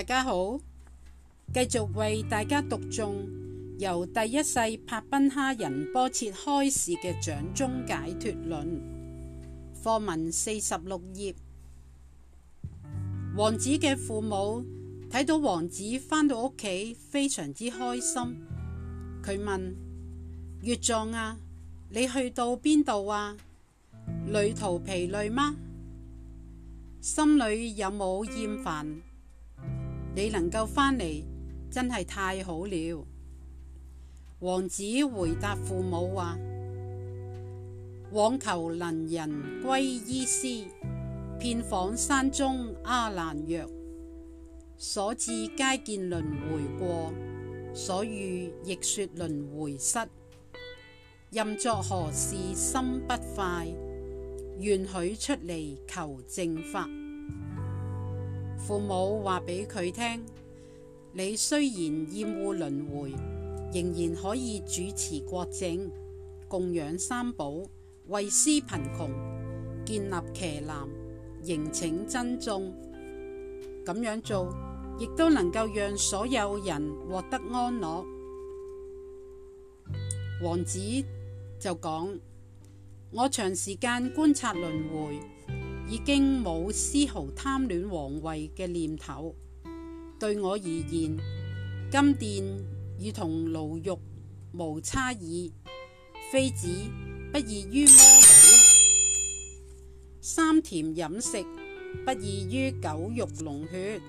大家好，繼續為大家讀誦由第一世帕賓哈仁波切開示嘅《掌中解脱論》課文四十六頁。王子嘅父母睇到王子翻到屋企，非常之開心。佢問：月藏啊，你去到邊度啊？旅途疲累嗎？心裏有冇厭煩？你能夠返嚟，真係太好了。王子回答父母話：往求能人歸依師，遍訪山中阿蘭若。所至皆見輪迴過，所遇亦説輪迴失。任作何事心不快，願許出嚟求正法。父母話俾佢聽：你雖然厭惡輪迴，仍然可以主持國政，供養三寶，為施貧窮，建立伽藍，迎請珍重。咁樣做，亦都能夠讓所有人獲得安樂。王子就講：我長時間觀察輪迴。已經冇絲毫貪戀皇位嘅念頭。對我而言，金殿如同牢獄無差異。妃子不異於魔女，三甜飲食不異於狗肉龍血，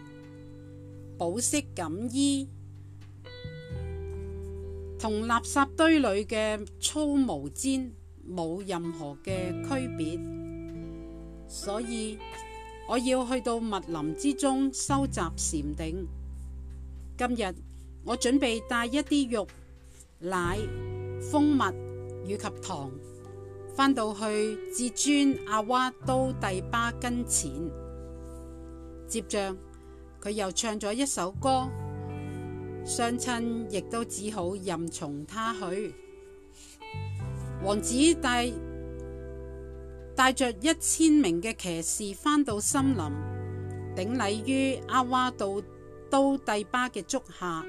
寶色錦衣同垃圾堆裏嘅粗毛氈冇任何嘅區別。所以我要去到密林之中收集禪定。今日我準備帶一啲肉、奶、蜂蜜以及糖，返到去至尊阿哇都帝巴跟前。接着佢又唱咗一首歌，相親亦都只好任從他去。王子帶。帶着一千名嘅騎士返到森林，頂禮於阿哇杜都帝巴嘅足下，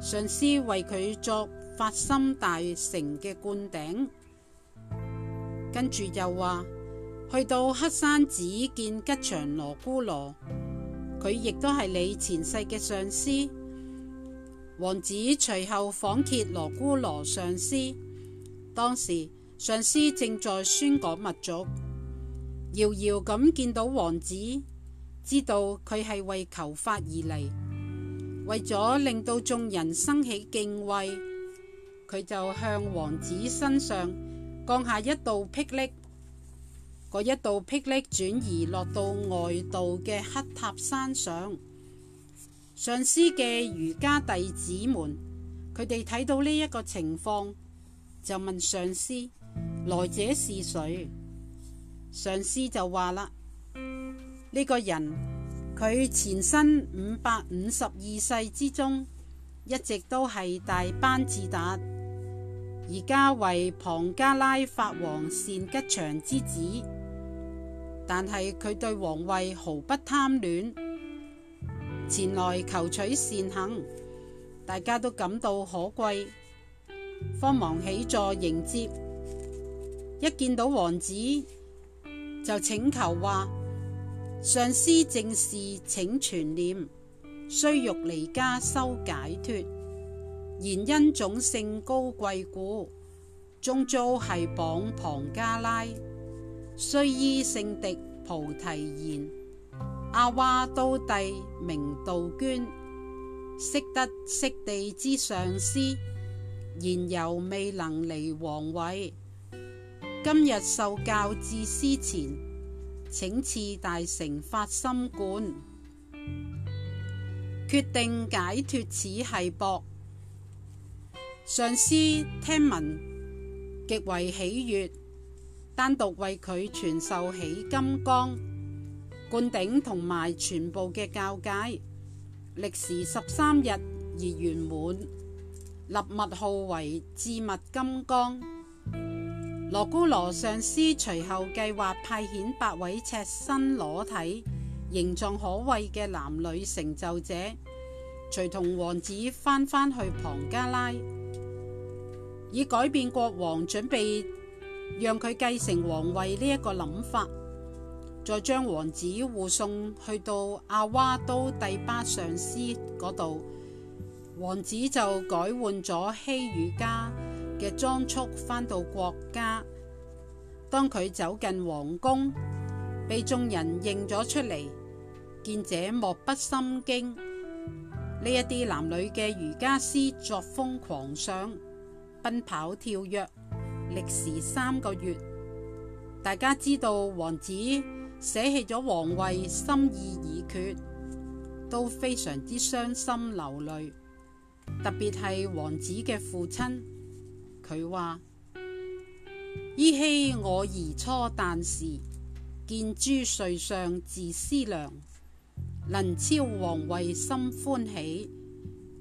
上司為佢作法心大城嘅灌頂。跟住又話，去到黑山只見吉祥羅姑羅，佢亦都係你前世嘅上司。王子隨後訪謁羅姑羅上司，當時。上司正在宣講密族，遙遙咁見到王子，知道佢係為求法而嚟，為咗令到眾人生起敬畏，佢就向王子身上降下一道霹靂。嗰一道霹靂轉移落到外道嘅黑塔山上，上司嘅瑜伽弟子們，佢哋睇到呢一個情況，就問上司。來者是誰？上司就話啦：呢、這個人佢前身五百五十二世之中一直都係大班智達，而家為龐加拉法王善吉祥之子。但係佢對王位毫不貪戀，前來求取善行，大家都感到可貴，慌忙起座迎接。一見到王子就請求話：上師正事請全念，雖欲離家修解脱，然因種姓高貴故，眾遭係傍旁加拉，雖依聖迪菩提言，阿哇都帝明杜娟，識得識地之上師，然猶未能離皇位。今日受教至思前，請賜大成發心觀，決定解脫此係博。上師聽聞極為喜悅，單獨為佢傳授起金剛灌頂同埋全部嘅教戒，歷時十三日而圓滿，立物號為智物金剛。羅姑羅上師隨後計劃派遣八位赤身裸體、形狀可畏嘅男女成就者，隨同王子翻返去龐加拉，以改變國王準備讓佢繼承皇位呢一個諗法。再將王子護送去到阿娃都第八上師嗰度，王子就改換咗希瑜伽。嘅裝束返到國家，當佢走近皇宮，被眾人認咗出嚟，見者莫不心驚。呢一啲男女嘅瑜伽師作風狂想，奔跑跳躍，歷時三個月。大家知道王子捨棄咗皇位，心意已決，都非常之傷心流淚，特別係王子嘅父親。佢話：依稀我兒初誕時，見諸瑞相自思量，能超王位心歡喜，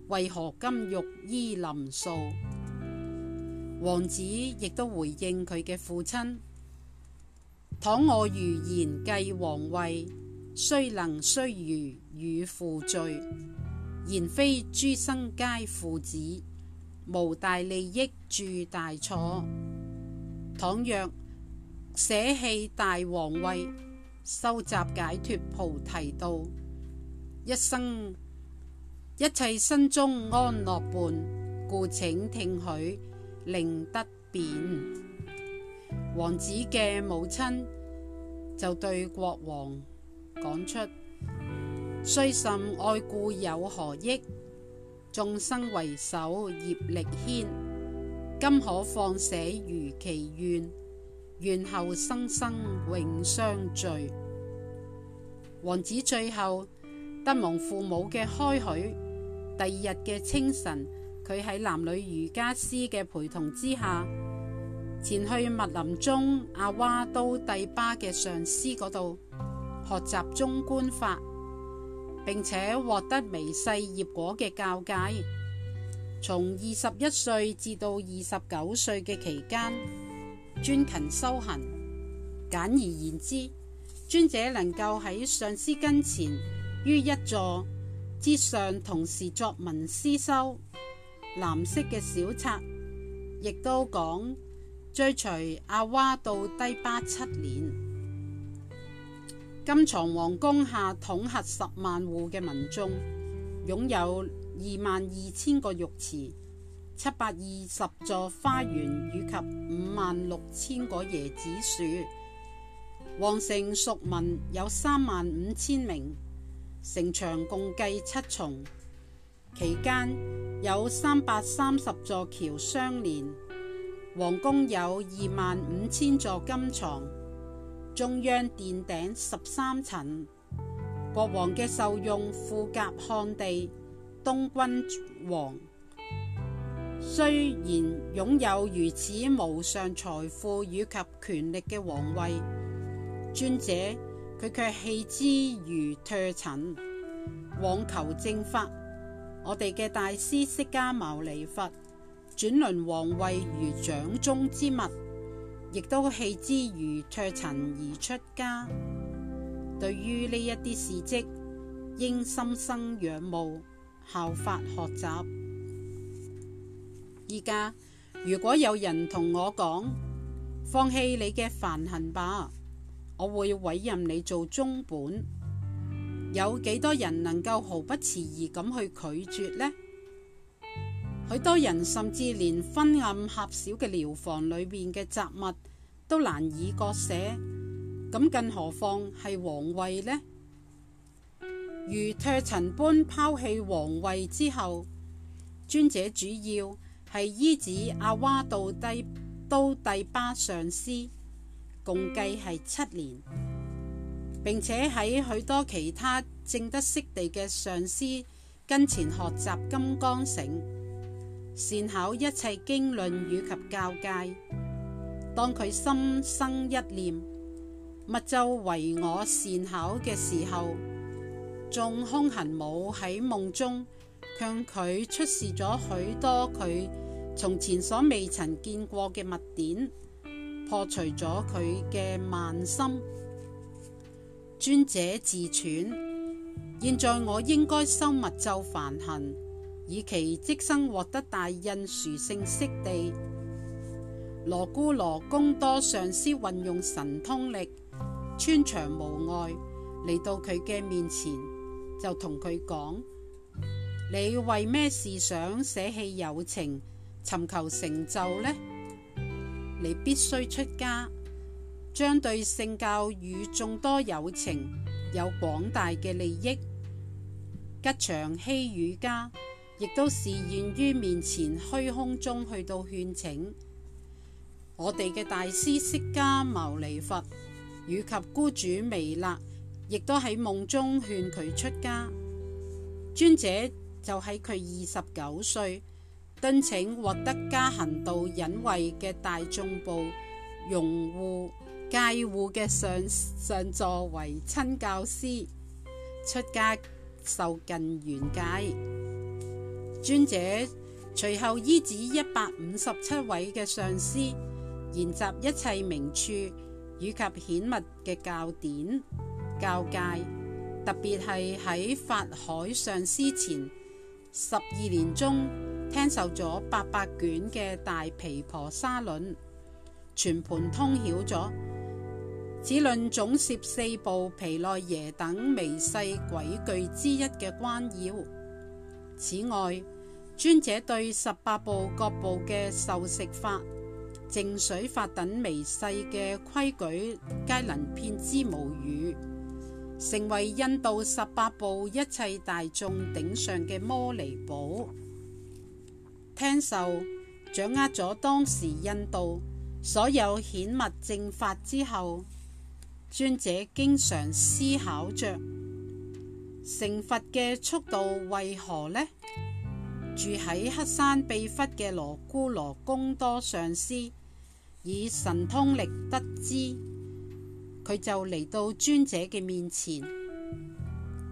為何今欲依林素？王子亦都回應佢嘅父親：倘我如言繼王位，雖能雖如與父罪，言非諸生皆父子。無大利益鑄大錯，倘若捨棄大王位，收集解脫菩提道，一生一切心中安樂伴，故請聽許令得便。王子嘅母親就對國王講出：雖甚愛故有何益？眾生為首，業力牽，今可放捨如其願，願後生生永相聚。王子最後得蒙父母嘅開許，第二日嘅清晨，佢喺男女瑜伽師嘅陪同之下，前去密林中阿哇都帝巴嘅上師嗰度學習中觀法。並且獲得微細業果嘅教戒，從二十一歲至到二十九歲嘅期間，專勤修行。簡而言之，尊者能夠喺上師跟前於一座之上同時作聞思修。藍色嘅小冊亦都講追隨阿娃到低巴七年。金藏皇宮下統轄十萬戶嘅民眾，擁有二萬二千個浴池、七百二十座花園以及五萬六千個椰子樹。皇城屬民有三萬五千名，城牆共計七重，其間有三百三十座橋相連。皇宮有二萬五千座金藏。中央殿頂十三層，國王嘅受用富甲漢地。東君王雖然擁有如此無上財富以及權力嘅王位，尊者佢卻棄之如脫塵，往求正法。我哋嘅大師釋迦牟尼佛轉輪王位如掌中之物。亦都棄之如唾塵而出家，對於呢一啲事蹟，應心生仰慕，效法學習。依家如果有人同我講，放棄你嘅煩恨吧，我會委任你做中本，有幾多人能夠毫不遲疑咁去拒絕呢？很多人甚至連昏暗狹小嘅寮房裏邊嘅雜物都難以割捨，咁更何況係皇位呢？如脫塵般拋棄皇位之後，尊者主要係依止阿哇道帝都帝巴上師，共計係七年。並且喺許多其他正德悉地嘅上師跟前學習金剛乘。善巧一切經論以及教戒。當佢心生一念，密咒為我善巧嘅時候，眾空行母喺夢中向佢出示咗許多佢從前所未曾見過嘅密典，破除咗佢嘅慢心。尊者自忖：現在我應該修密咒梵行。以其即生獲得大印殊性悉地，羅姑羅公多上司運用神通力穿牆無礙嚟，到佢嘅面前，就同佢講：你為咩事想捨棄友情，尋求成就呢？你必須出家，將對聖教與眾多友情有廣大嘅利益吉祥希瑜家。」亦都示現於面前虛空中去到勸請我哋嘅大師釋迦牟尼佛，以及怙主彌勒，亦都喺夢中勸佢出家。尊者就喺佢二十九歲，敦請獲得加行道忍位嘅大眾部容戶戒護嘅上上座為親教師，出家受近圓戒。尊者隨後依止一百五十七位嘅上師，研習一切名處以及顯密嘅教典教誡，特別係喺法海上師前十二年中，聽受咗八百卷嘅大毗婆沙論，全盤通曉咗此論總攝四部毗奈耶等微細鬼具之一嘅關要。此外，尊者對十八部各部嘅受食法、淨水法等微細嘅規矩，皆能遍知無餘，成為印度十八部一切大眾頂上嘅摩尼寶。聽受掌握咗當時印度所有顯密正法之後，尊者經常思考着成佛嘅速度為何呢？住喺黑山秘窟嘅羅姑羅公多上師，以神通力得知，佢就嚟到尊者嘅面前，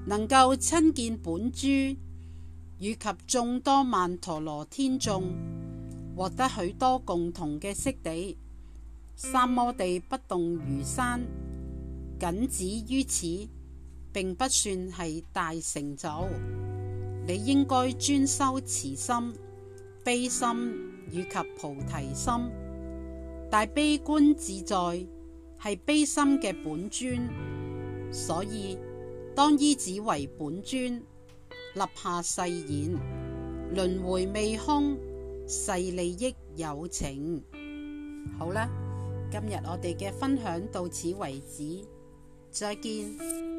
能夠親見本尊，以及眾多曼陀羅天眾，獲得許多共同嘅悉地，三摩地不動如山。僅止於此，並不算係大成就。你應該專修慈心、悲心以及菩提心，大悲觀自在係悲心嘅本尊，所以當依止為本尊，立下誓言，輪回未空，誓利益有情。好啦，今日我哋嘅分享到此為止，再見。